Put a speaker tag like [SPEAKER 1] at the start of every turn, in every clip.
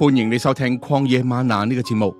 [SPEAKER 1] 歡迎你收聽曠野嗎哪呢個節目。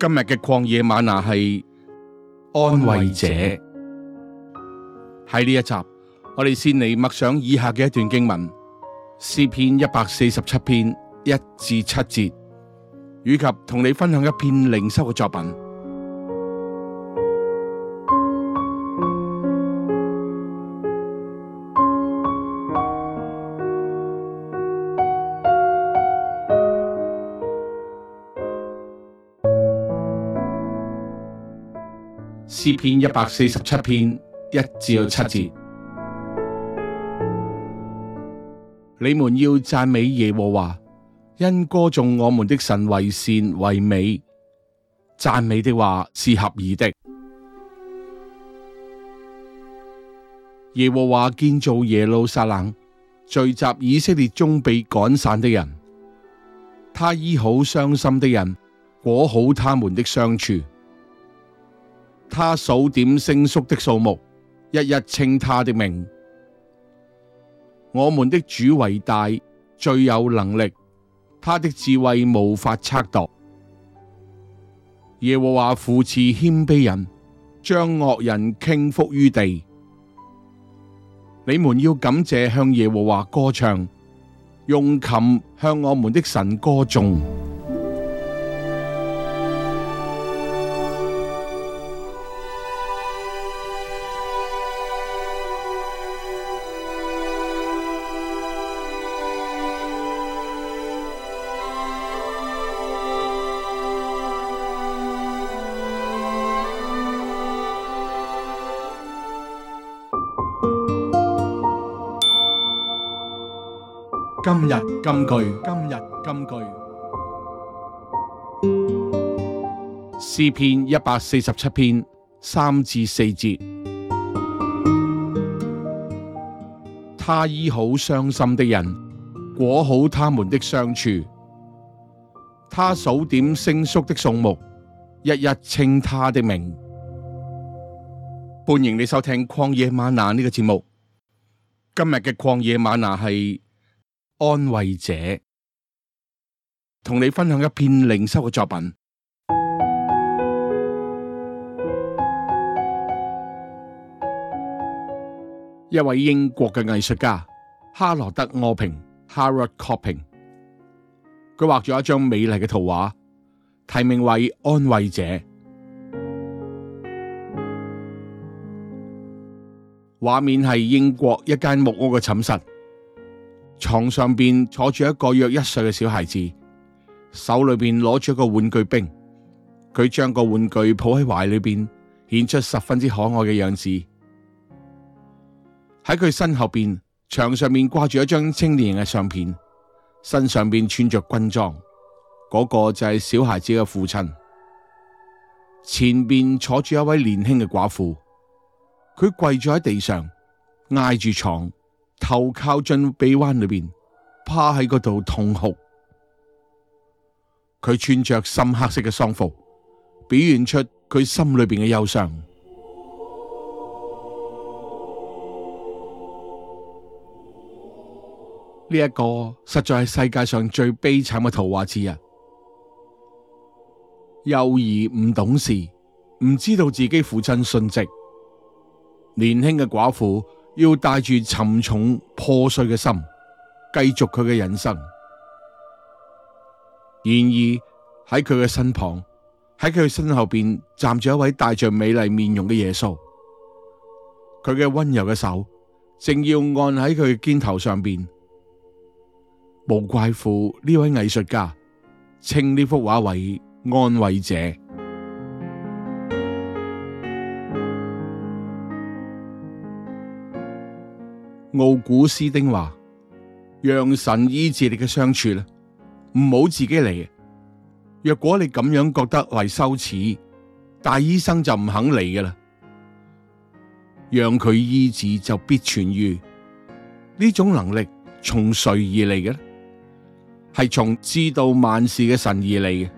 [SPEAKER 1] 今日嘅曠野嗎哪係安慰者。喺呢一集，我哋先嚟默想以下嘅一段經文：詩篇一百四十七篇一至七節，以及同你分享一篇靈修嘅作品。詩篇一百四十七篇一至七節，你們要讚美耶和華，因歌頌我們的神為善為美，讚美的話是合宜的。耶和華建造耶路撒冷，聚集以色列中被趕散的人，他醫好傷心的人，裹好他們的傷處。他數點星宿的數目，日日稱他的名。我們的主偉大，最有能力，他的智慧無法測度。耶和華扶持謙卑人，將惡人傾覆於地。你們要感謝向耶和華歌唱，用琴向我們的神歌頌。今日金句，今日金句，詩篇一百四十七篇三至四節，他醫好傷心的人，裹好他們的傷處，他數點星宿的數目，日日稱他的名。歡迎你收聽曠野嗎哪呢個節目，今日嘅曠野嗎哪係。安慰者，同你分享一篇靈修嘅作品。一位英國嘅藝術家哈羅德·柯平 （Harold Copping），佢畫咗一張美麗嘅圖畫，題名為《安慰者》。畫面係英國一間木屋嘅寢室。床上邊坐住一個約一歲嘅小孩子，手裏邊攞住一個玩具兵，佢將個玩具抱喺懷裏邊，顯出十分之可愛嘅樣子。喺佢身後邊，牆上面掛住一張青年型嘅相片，身上邊穿着軍裝，嗰個就係小孩子嘅父親。前邊坐住一位年輕嘅寡婦，佢跪咗喺地上，挨住床。頭靠進臂彎裏邊，趴喺嗰度痛哭。佢穿着深黑色嘅喪服，表現出佢心裏邊嘅憂傷。呢一 個實在係世界上最悲慘嘅圖畫之一：幼兒唔懂事，唔知道自己父親殉職，年輕嘅寡婦。要帶住沉重破碎嘅心，繼續佢嘅人生。然而喺佢嘅身旁，喺佢身後邊站住一位帶着美麗面容嘅耶穌，佢嘅溫柔嘅手正要按喺佢肩頭上邊。無怪乎呢位藝術家稱呢幅畫為安慰者。奧古斯丁話：讓神醫治你嘅傷處啦，唔好自己嚟。若果你咁樣覺得為羞恥，大醫生就唔肯嚟嘅啦。讓佢醫治就必痊愈。呢種能力從誰而嚟嘅咧？係從知道萬事嘅神而嚟嘅。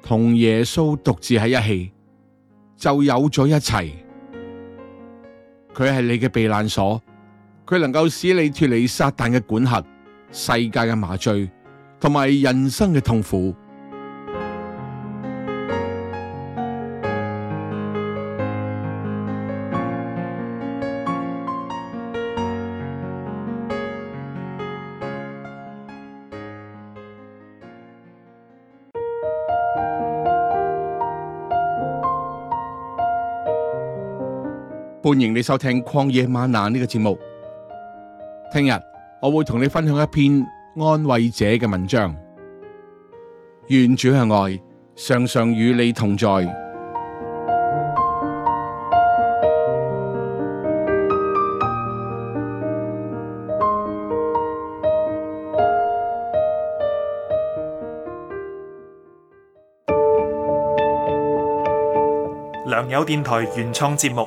[SPEAKER 1] 同耶穌獨自喺一起，就有咗一切，佢係你嘅避難所，佢能夠使你脫離撒旦嘅管轄、世界嘅麻醉同埋人生嘅痛苦。歡迎你收聽曠野嗎哪呢個節目。聽日我會同你分享一篇安慰者嘅文章。願主嘅愛常常與你同在。良友電台原創節目。